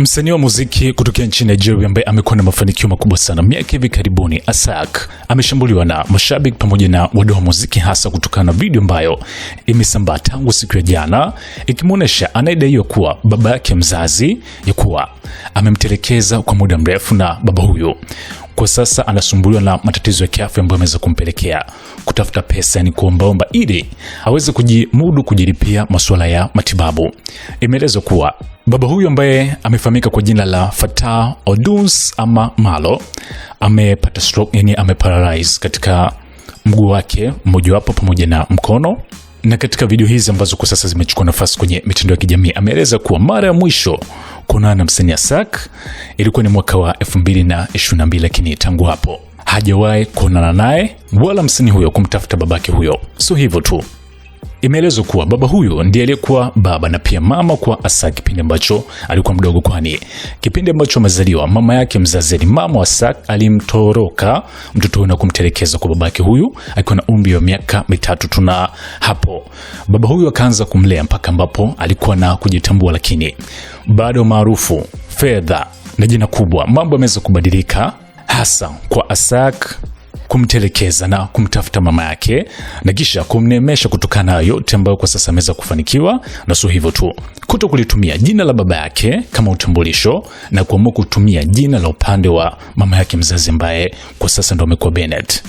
Msanii wa muziki kutokea nchini Nigeria ambaye amekuwa na mafanikio makubwa sana miaka hivi karibuni, asak ameshambuliwa na mashabiki pamoja na wadau wa muziki, hasa kutokana na video ambayo imesambaa tangu siku ya jana ikimwonyesha anayedaiwa kuwa baba yake mzazi ya kuwa amemtelekeza kwa muda mrefu na baba huyo kwa sasa anasumbuliwa na matatizo ya kiafya ambayo ameweza kumpelekea kutafuta pesa, yani kuombaomba ili aweze kujimudu kujilipia masuala ya matibabu. Imeelezwa kuwa baba huyu ambaye amefahamika kwa jina la Fatah odus ama Malo amepata stroke, yani ameparalyze katika mguu wake mmojawapo pamoja na mkono na katika video hizi ambazo kwa sasa zimechukua nafasi kwenye mitandao ya kijamii ameeleza kuwa mara ya mwisho na Conan Mseniasak. Ilikuwa ni mwaka wa 2022 lakini tangu hapo hajawahi kuonana naye wala msanii huyo kumtafuta babake huyo. Sio hivyo tu, Imeelezwa kuwa baba huyu ndiye aliyekuwa baba na pia mama kwa asa kipindi ambacho alikuwa mdogo, kwani kipindi ambacho amezaliwa mama yake mzazi, mama wa Asa alimtoroka mtoto huyu na kumtelekeza kwa babake huyu akiwa na umri wa miaka mitatu tuna hapo baba huyu akaanza kumlea mpaka ambapo alikuwa na kujitambua, lakini bado maarufu, fedha na jina kubwa, mambo yameweza kubadilika hasa kwa Asaka kumtelekeza na kumtafuta mama yake na kisha kumnemesha kutokana na yote ambayo kwa sasa ameweza kufanikiwa, na sio hivyo tu, kuto kulitumia jina la baba yake kama utambulisho na kuamua kutumia jina la upande wa mama yake mzazi ambaye kwa sasa ndo amekuwa Bennett.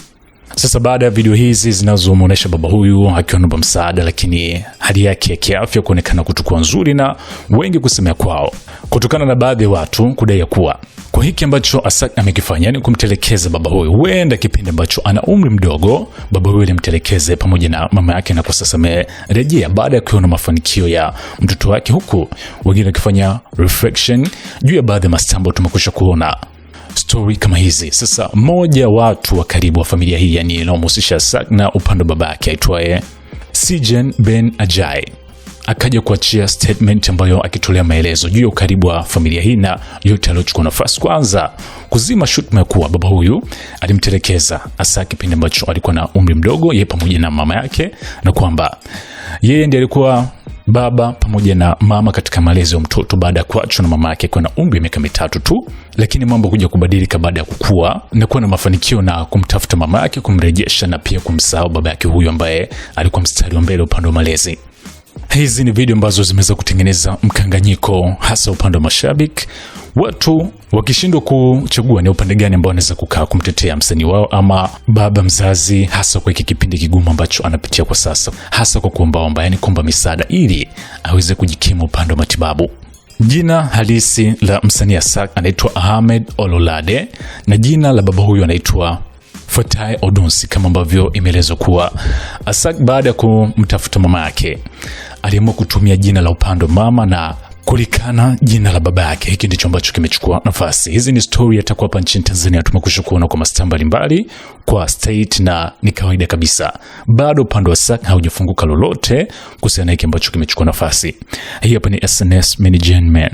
Sasa baada ya video hizi zinazomwonyesha baba huyu akiwa naomba msaada, lakini hali yake ya kiafya kuonekana kutokuwa nzuri na wengi kusemea kwao, kutokana na baadhi ya watu kudai kuwa kwa hiki ambacho Asak amekifanya ni kumtelekeza baba huyu. Huenda kipindi ambacho ana umri mdogo baba huyu alimtelekeze pamoja na mama yake, na kwa sasa amerejea baada ya kuona mafanikio ya mtoto wake, huku wengine wakifanya reflection juu ya baadhi ya mastambo tumekwisha kuona stori kama hizi. Sasa mmoja watu wa karibu wa familia hii, yani inaomhusisha Sak na upande wa babake aitwaye Sijen Ben Ajai akaja kuachia statement ambayo akitolea maelezo juu ya ukaribu wa familia hii na yote aliyochukua nafasi. Kwanza kuzima shutuma ya kuwa baba huyu alimtelekeza hasa kipindi ambacho alikuwa na umri mdogo, yeye pamoja na mama yake, na kwamba yeye ndiye alikuwa baba pamoja na mama katika malezi ya mtoto baada ya kuachwa na mama yake akiwa na umri wa miaka mitatu tu, lakini mambo kuja kubadilika baada ya kukua na kuwa na mafanikio na kumtafuta mama yake, kumrejesha na pia kumsahau baba yake huyo ambaye alikuwa mstari wa mbele upande wa malezi. Hizi ni video ambazo zimeweza kutengeneza mkanganyiko, hasa upande wa mashabiki, watu wakishindwa kuchagua ni upande gani ambao anaweza kukaa kumtetea msanii wao ama baba mzazi, hasa kwa hiki kipindi kigumu ambacho anapitia kwa sasa, hasa kwa kuombaomba, yani kuomba misaada ili aweze kujikimu upande wa matibabu. Jina halisi la msanii Asake anaitwa Ahmed Ololade na jina la baba huyu anaitwa Fatai Odunsi kama ambavyo imeelezwa kuwa Asak baada ya kumtafuta mama yake aliamua kutumia jina la upando mama na kulikana jina la baba yake. Hiki ndicho ambacho kimechukua nafasi. Hizi ni stori hatakuwa hapa nchini Tanzania tumekusha kuona kwa mastaa mbalimbali kwa state, na ni kawaida kabisa. Bado upande wa Asake haujafunguka lolote kuhusiana na hiki ambacho kimechukua nafasi. Hii hapa ni SNS management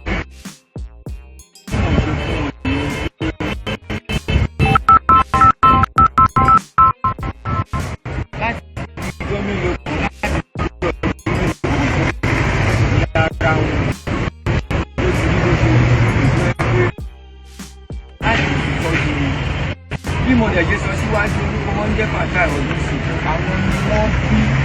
sómi lò kù ní ara wọn ló ti rí bó ṣe ìṣòro ẹgbẹ́ láti ìtọ́jú